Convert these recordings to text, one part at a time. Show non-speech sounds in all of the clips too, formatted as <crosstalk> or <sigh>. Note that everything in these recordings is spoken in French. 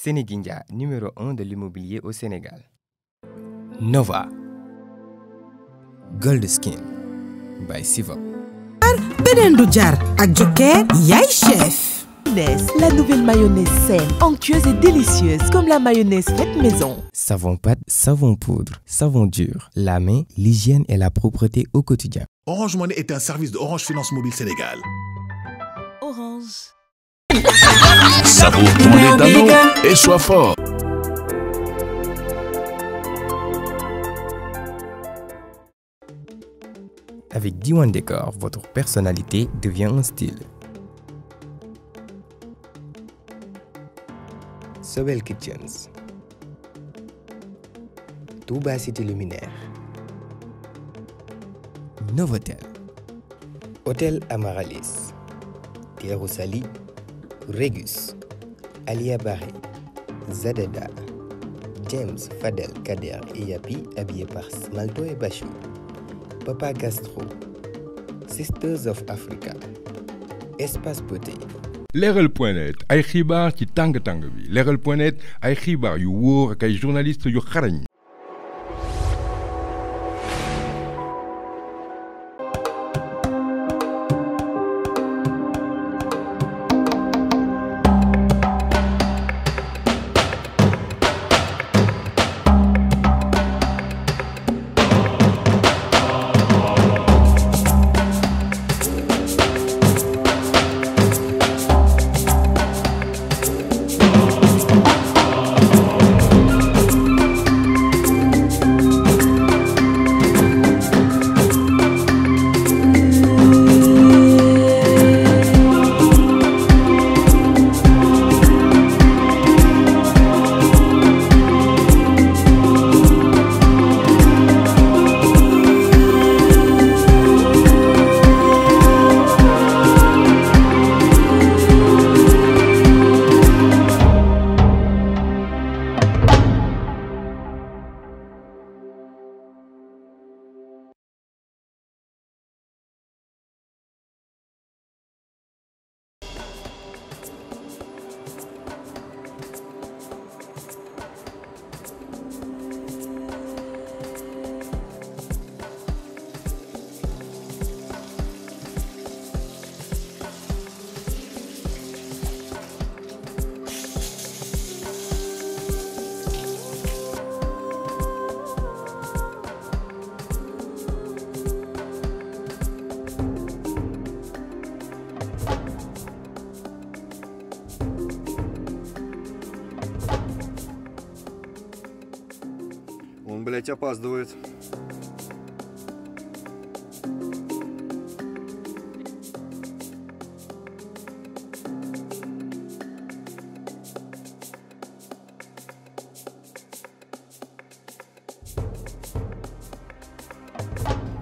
Sénéguinja, numéro 1 de l'immobilier au Sénégal. Nova Gold Skin by Siva. Par chef. la nouvelle mayonnaise saine, onctueuse et délicieuse comme la mayonnaise faite maison. Savon pâte, savon poudre, savon dur, la main, l'hygiène et la propreté au quotidien. Orange Money est un service de Orange Finance Mobile Sénégal. Orange. Savoure ton lait et sois fort. Avec D1 Décor, votre personnalité devient un style. Sobel Kitchens. Touba City Luminaire. Novotel. Hôtel Amaralis. Thierry Regus, Alia Barré, Zadeda, James Fadel Kader et Yapi, habillé par Smalto et Bachou, Papa Gastro, Sisters of Africa, Espace Poté. L'RL.net, ay qui ci tangue vie. bi leeral.net ay xibaar yu journaliste yu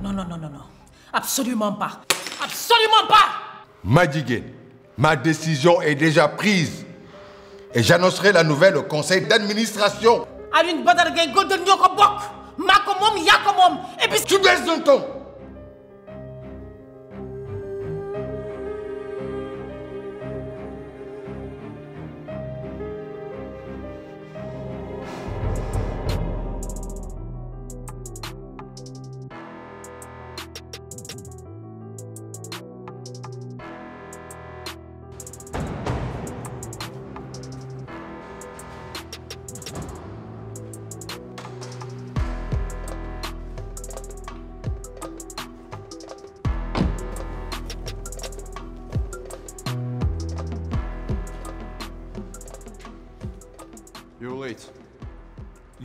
Non, non, non, non, non. Absolument pas. Absolument pas Madigan, ma décision est déjà prise. Et j'annoncerai la nouvelle au conseil d'administration. Alioune Badar Gaye Golden ñoo ko bokk maa ko ya ko et puis. tu baisses d'un ton.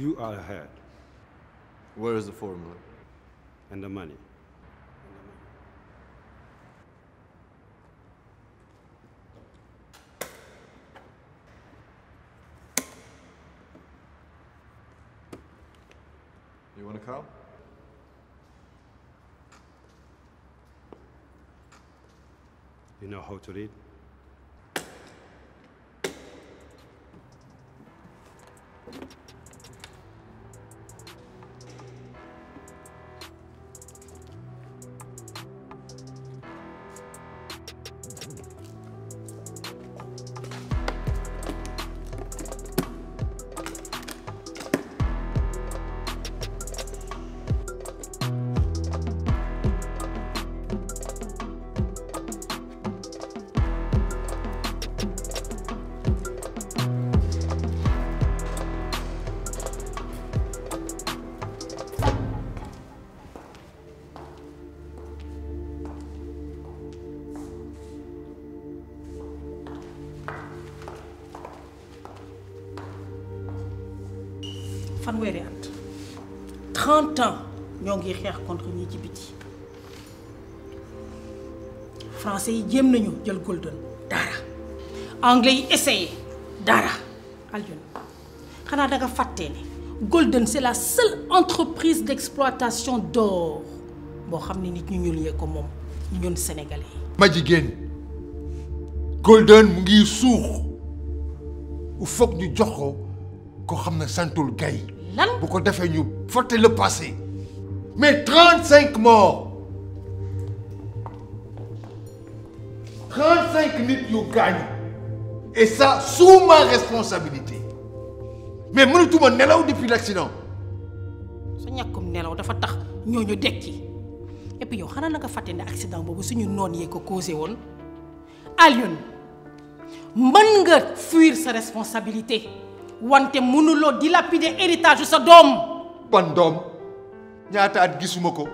You are ahead. Where is the formula? And the money. You want to call? You know how to read? 30 ans ñoo ngi xeex contre ñi ci biti français yi jéem nañu jël golden dara anglais yi essayé dara aljun xanaa danga fàtte ne golden c'est la seule entreprise d'exploitation d'or boo xam ne nit ñu ñuul yee ko moom ñun sénégalais yi ma golden mu ngi suux u foog ñu jox ko ko xam ne santul gay pour qu'on fait nous faut le passé. Mais 35 morts. 35 minutes nous gagnent. Et ça, sous ma responsabilité. Mais moi, tout le monde depuis l'accident. Ça n'y a comme n'est là où d'afin tach nous nous Et puis, y a rien à faire fait un accident, bobo, si nous non y est causé on. Alion, manque fuir sa responsabilité wante mënuloo dilapide héritage sa dom ban dom ñaata gisuma ko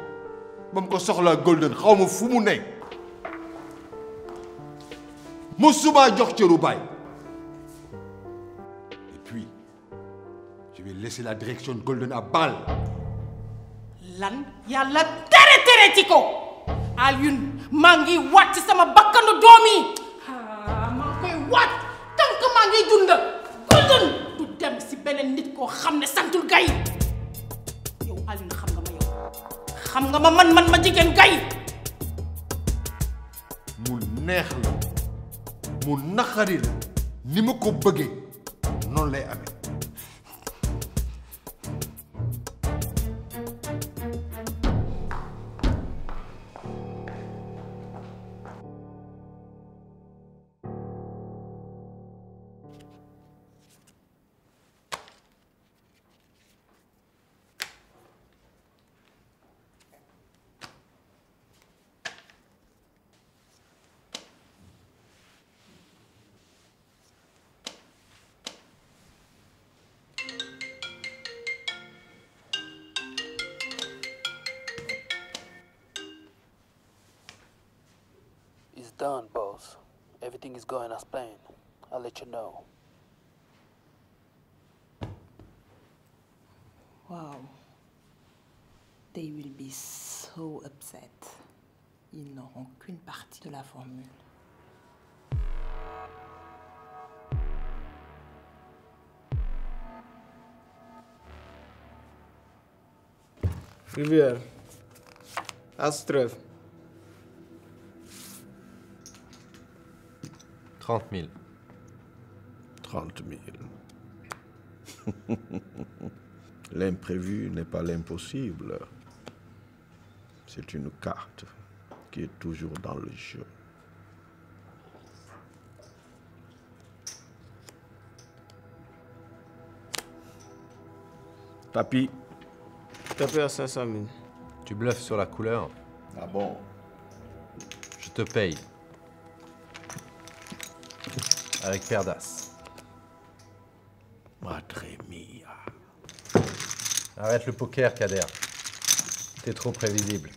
ba ko soxla golden kau mufumene. fu mu ne musuma jox cëru bay. et puis je vais laisser la direction de golden à bal. lan yàlla tere tere ci ko mangi maa ngi sama bakkanu domi. Ha, ah, mangi koy waat tant xam nga ma man man ma jigéen kay mu neex la mu naxari la ni ma ko bëggee noonu lay amee done, boss. Everything is going as planned. I'll let you know. Wow. They will be so upset. Ils n'auront qu'une partie de la formule. Rivière. Astrev. 30 000. 30 000. L'imprévu n'est pas l'impossible. C'est une carte qui est toujours dans le jeu. Tapis. Tapis à 500 000. Tu bluffes sur la couleur. Ah bon Je te paye avec Perdas. Arrête le poker, Kader. T'es trop prévisible.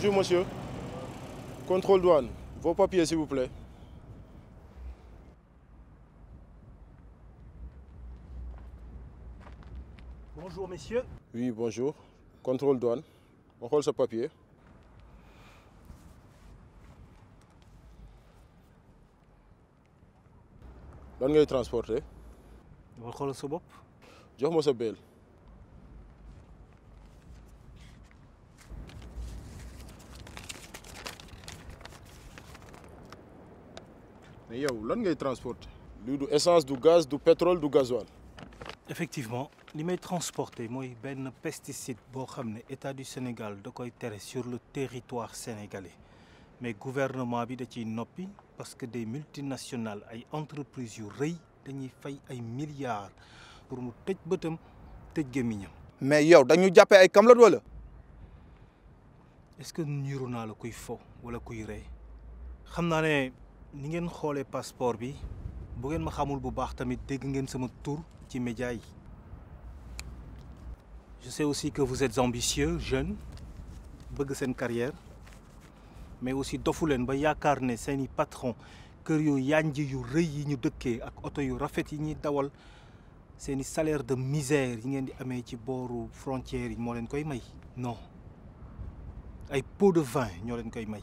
Bonjour monsieur. Contrôle douane, vos papiers s'il vous plaît. Bonjour messieurs. Oui, bonjour. Contrôle douane. On rôle ce papier. est transporter. On ce mais yow lan ngay transporter. lii du essence du gaz du pétrole du gasoil. effectivement li may transporter moy ben pesticide bo xamné état du Sénégal da koy sur le territoire sénégalais mais gouvernement bi da ci nopi parce que des multinationales ay entreprises yu reuy dañuy fay ay milliards pour mu tëj bëtam tëj gémmiñam mais yow dañu jappé ay kamlat wala. est-ce que nous avons la kuy ou wala kuy rey xam ni ngeen xoolee passeport bi bu ngeen ma xamul bu baax tamit dégg ngeen sama tour ci média yi je sais aussi que vous êtes ambitieux jeune bëgg seen carrière mais aussi dofu leen ba yaakaar ne seeni patron kër yu yànj yu rëy yi ñu dëkkee ak oto yu rafet yi ñuy dawal seeni salaire de misère yi ngeen di amee ci booru frontière yi moo leen koy may non ay pots de vin ñoo leen koy may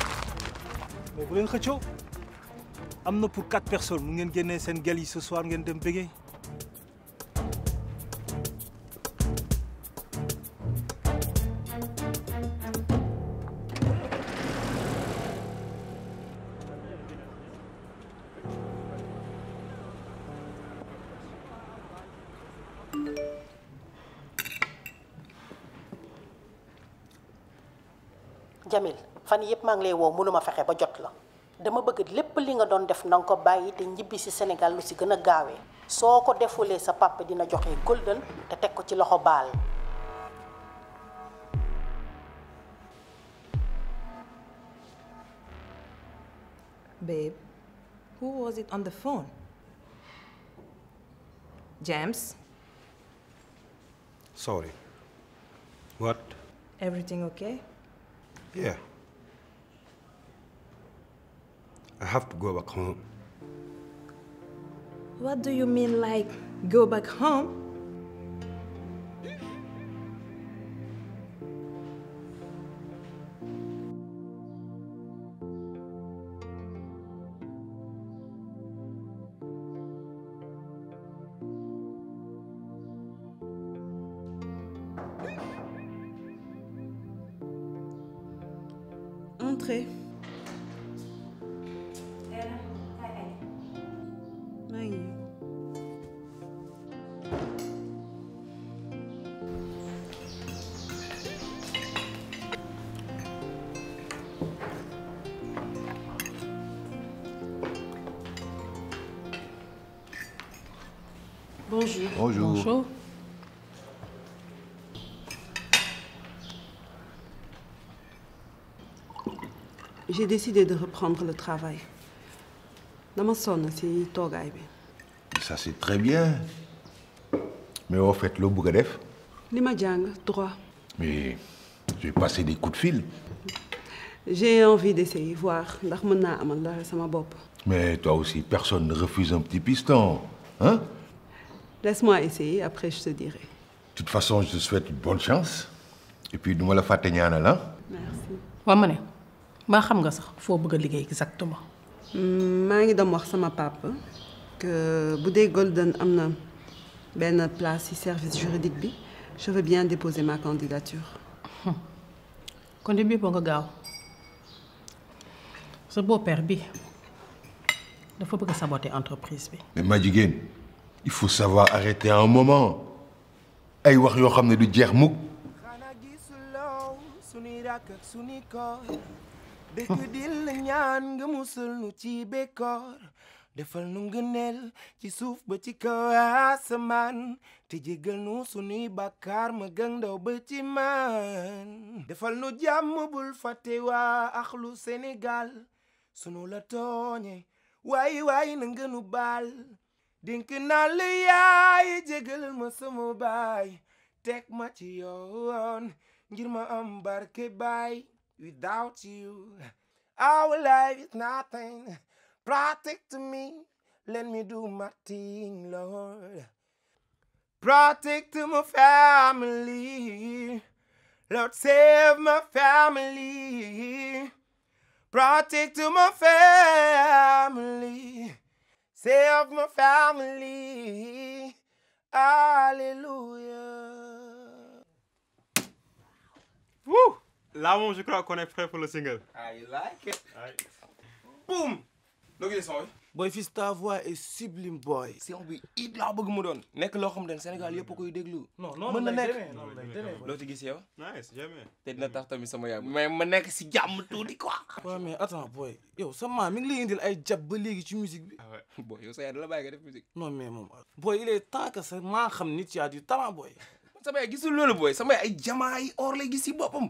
Vous bu un xëccoo pour quatre personnes On ngeen de ce soir fan yépp maa ngi lay woo mënuma fexe ba jot la dama bëgg lépp li nga doon def na ko bàyyi te ñibbi si Sénégal lu si gën a gaawee soo ko defulee sa papa dina joxe golden te teg ko ci loxo baal Babe, who was it on the phone? James? Sorry. What? Everything okay? Yeah. I have to go back home. What do you mean, like, go back home? Bonjour. Bonjour. J'ai décidé de reprendre le travail. Dans ma zone, c'est eh bi. ça c'est très bien. mais en fait le bëgg Les def. Lima Mais mais j'ai passé des coups de fil. j'ai envie d'essayer voir mais toi aussi personne ne refuse un petit piston hein. Laisse-moi essayer, après je te dirai. De toute façon, je te souhaite une bonne chance. Et puis, nous allons la fàtte ñaanal hein. merci. Je sais que tu xam nga sax exactement. Je hmm, ngi doon wax sama papa que Si Golden a.. Une place le service juridique je veux bien déposer ma candidature. Hmm. kon de bii tu as.. gaaw beau-père bi Faut bëgg saboter entreprise bi. mais ma jigéen il faut savoir arrêter un moment ay wax ramenez xam du jeex mukk dëkk ñaan nga musal ci bekkoor defal nu ngëneel ci suuf ba ci kaw asamaan te jegal nu suni bàkkaar ma gën ndaw ba ci man defal nu jam bul fàtte wa akhlu Sénégal sunu la togné way way na nga nu dénk naa la yaay jégal ma sama baay teg ma ci yoon ngir without you our life is nothing protect me let me do my thing lord protect my family lord save my family protect my family Save my family. Hallelujah. Woo! Lá vamos procurar quando é for the single. I ah, like it? Right. Boom! Look at this one. boy Fils ta voix est sublime boy. son bi it laa bëgg mu doon. nekk loo xam ne senegal yëpp a koy déglu. non non na nekk loo ci gis yow. nice jamais. te dina tax sama ya mais ma nekk si jàmm tuuti quoi. waaw mais attends boy yow sa maa mi ngi lay indil ay jàpp ba léegi ci musique bi. ah <laughs> boy yow sa yaay dala bàyyi nga def mais moom boy il est temps que xam nit yaa du talent boy. sama yaay gisul sama ay jamaa or lay gis si boppam.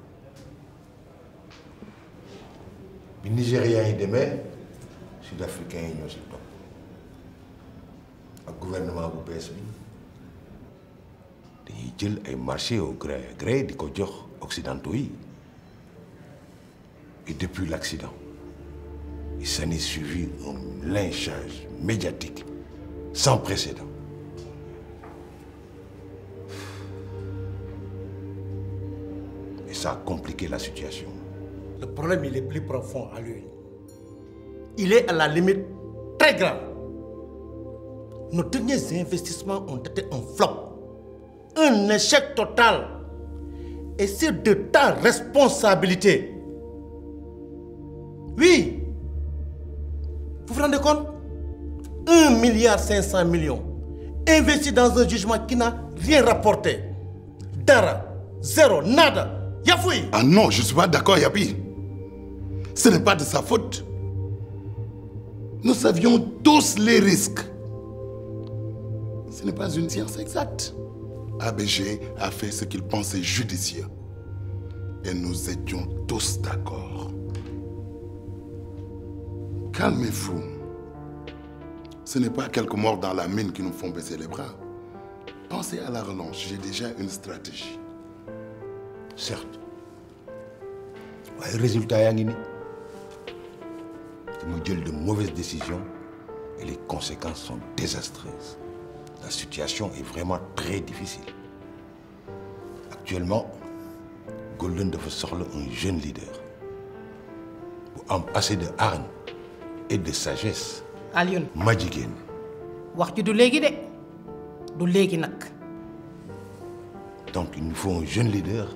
Nigériens sont et les sud africains sont ñoo Le gouvernement de bees il a marché au gré des gré occidentaux et depuis l'accident il s'en est suivi un lynchage médiatique sans précédent et ça a compliqué la situation le problème il est plus profond à lui. Il est à la limite très grave. Nos derniers investissements ont été un flop, un échec total. Et c'est de ta responsabilité. Oui. Vous vous rendez compte 1 milliard 500 millions investi dans un jugement qui n'a rien rapporté. Dara, zéro, nada. Yafoui. Ah non, je ne suis pas d'accord, Yapi. Ce n'est pas de sa faute. Nous savions tous les risques. Ce n'est pas une science exacte. ABG a fait ce qu'il pensait judicieux. Et nous étions tous d'accord. Calmez-vous. Ce n'est pas quelques morts dans la mine qui nous font baisser les bras. Pensez à la relance. J'ai déjà une stratégie. Certes. le résultat, animé nous donne de mauvaises décisions et les conséquences sont désastreuses. La situation est vraiment très difficile. Actuellement, Golden devrait sortir un jeune leader pour am assez de hargne et de sagesse. Alioune ma donc il nous faut un jeune leader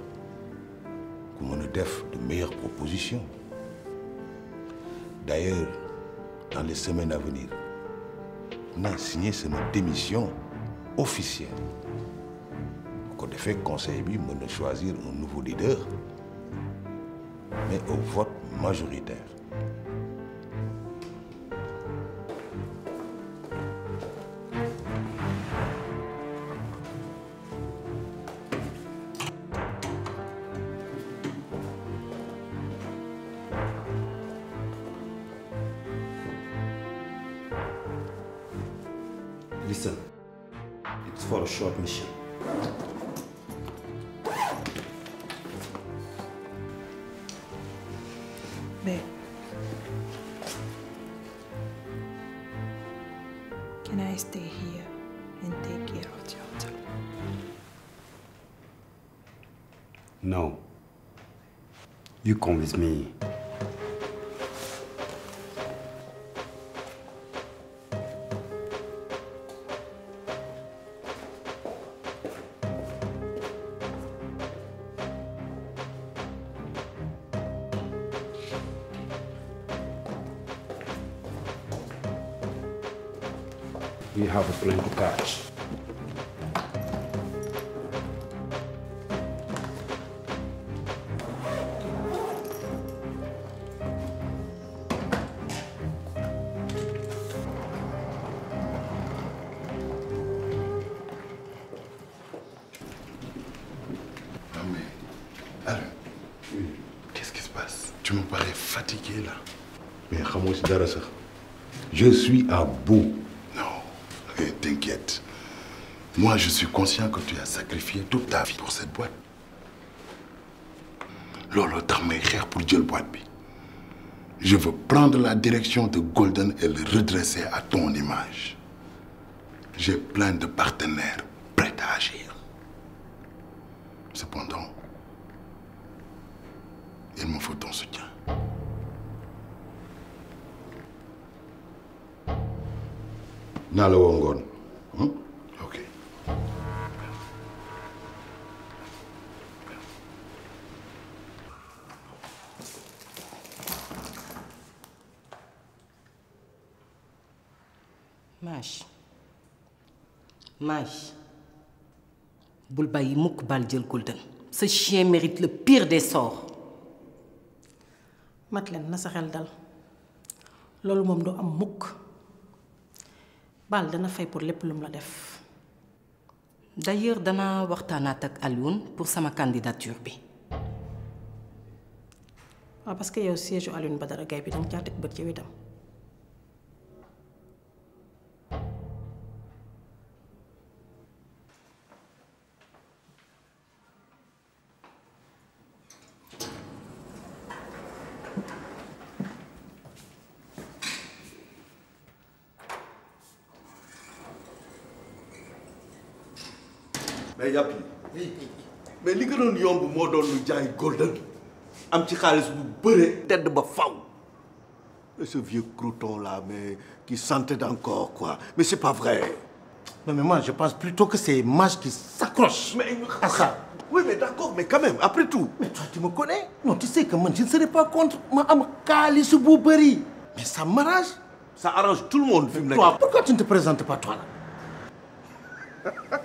pour nous faire de meilleures propositions. D'ailleurs, dans les semaines à venir, on a signé notre démission officielle. Quand fait, le conseil de choisir un nouveau leader, mais au vote majoritaire. Listen, it's for a short mission. Babe. Can I stay here and take care of the hotel? No. You come with me. Qu'est-ce qui se passe Tu me parais fatigué là. Mais Ramon, c'est ça. Je suis à bout. Ah, je suis conscient que tu as sacrifié toute ta vie pour cette boîte. Lolo cher pour Dieu le boîte. Je veux prendre la direction de Golden et le redresser à ton image. J'ai plein de partenaires prêts à agir. Cependant, il me faut ton soutien. Nalo Maï bulbay muk mukk bal jël ce chien mérite le pire des sorts matlan na sa xel dal loolu moom du am mukk bal dana fay pour lépp lum la def d'ailleurs dana waxtaanaat ak Alioune pour sama candidature bi Ah parce que yow siège u Badara Gaye bi danga caa teg ci wetam mais Yapi, yi mais li gënoon yomb moo doon lu golden am ci xaalis bu bëree ba ce vieux crouton là mais qui sentait encore quoi mais c'est pas vrai mais moi je pense plutôt que c'est Mage qui s'accroche mais à ça oui mais d'accord mais quand même après tout mais toi tu me connais non tu sais que moi, je ne serais pas contre ma am xaalis bu mais ça m'arrange ça arrange tout le monde toi pourquoi tu ne te présentes pas toi là <laughs>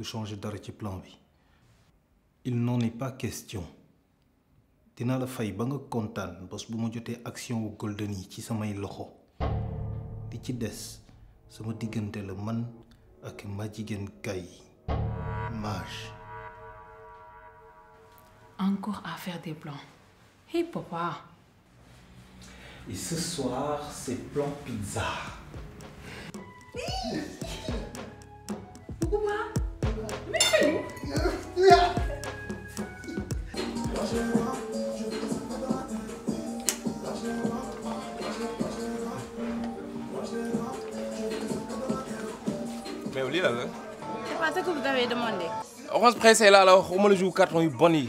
de changer dara plan bi il n'en est pas question dans la faille ba nga kontaan bés bu ma action wu golden yi ci samay loxo di ci des sama diggante la man ak ma jigéen kay marche. encore à faire des plans hey papa et ce soir c'est plan pizza mais oubliez la hein. C'est pas ce que vous avez demandé. On se presse là alors, au moins le jour 4 on eu bonnie.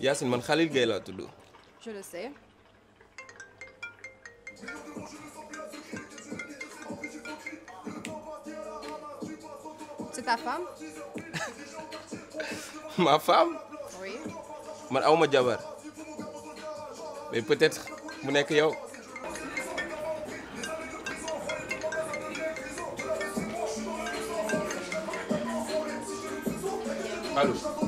Yacine man Khalil Gueye laa tudd. je le sais. c'est ta femme. <laughs> ma femme. oui. man awma jabar mais peut-être mu nekk yow. allo.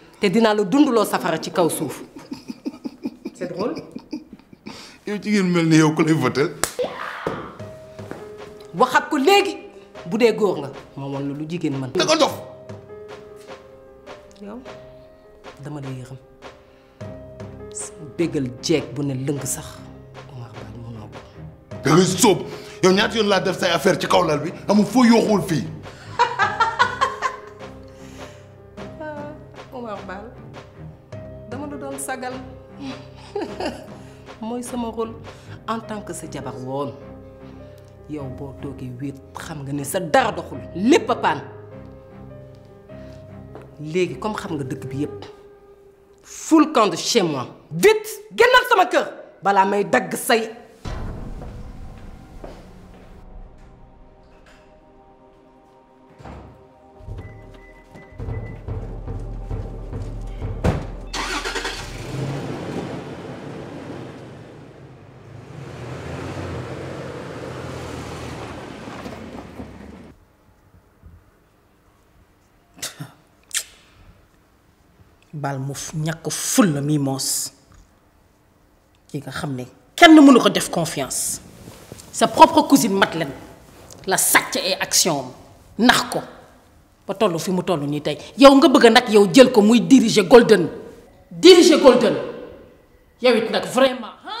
te dina la dunduloo safara ci kaw c'est drôle. Tu jigéen mel tu yow ku lay ne waxat pas léegi bu de la lu jigéen mën. da nga dof. yow dama je yërëm béggal Djek ne sax Omar da yow def say affaire ci sama rôle en tant que sa jabar woon yow bo toogee wéet xam nga ne sa dar doxul lepp a paan comme xam nga dëkk bi yépp full camp de chez moi vite gennal sama kër bala may dag say bal ful mi mos ki nga confiance sa propre cousine Madeleine la et action ko ba fi mu yow nga bëgg yow jël ko muy diriger Golden diriger Golden vraiment hein?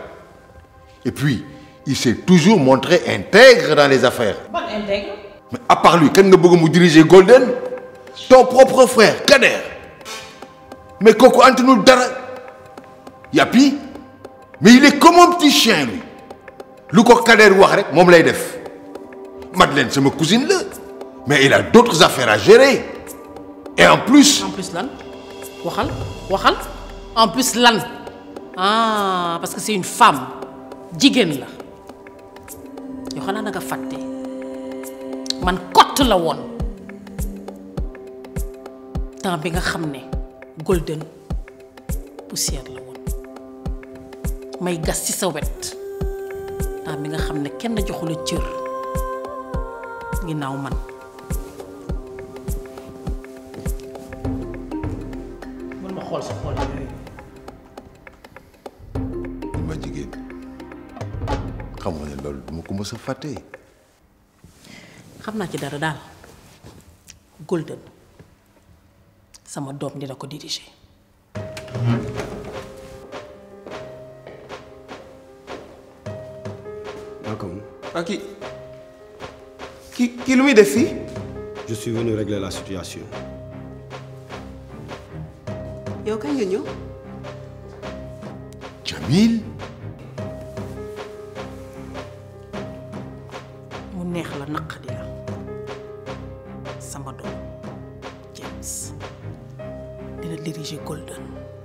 Et puis, il s'est toujours montré intègre dans les affaires. Bon, intègre Mais à part lui, quand nous diriger Golden, ton propre frère, Kader. Mais Coco nous Dara, Yapi, mais il est comme un petit chien, lui. Le Kader Warek, mon def. Madeleine, c'est ma cousine, là. Mais il a d'autres affaires à gérer. Et en plus. En plus, l'an. Wahal, Wahal. En plus, l'an. Ah, parce que c'est une femme. jigen la yo xana nga man kott la won temps bi nga xamne golden poussière la won may gas ci sa wet temps bi nga xamne kenn joxula ginaaw man man ma xool sa mës a fàtte. xam naa ci dara daal Golden sama doom dina ko diriger. Welcome. ah kii kii kii lu je suis venu régler la situation. Y'a kañ Jamil. Golden.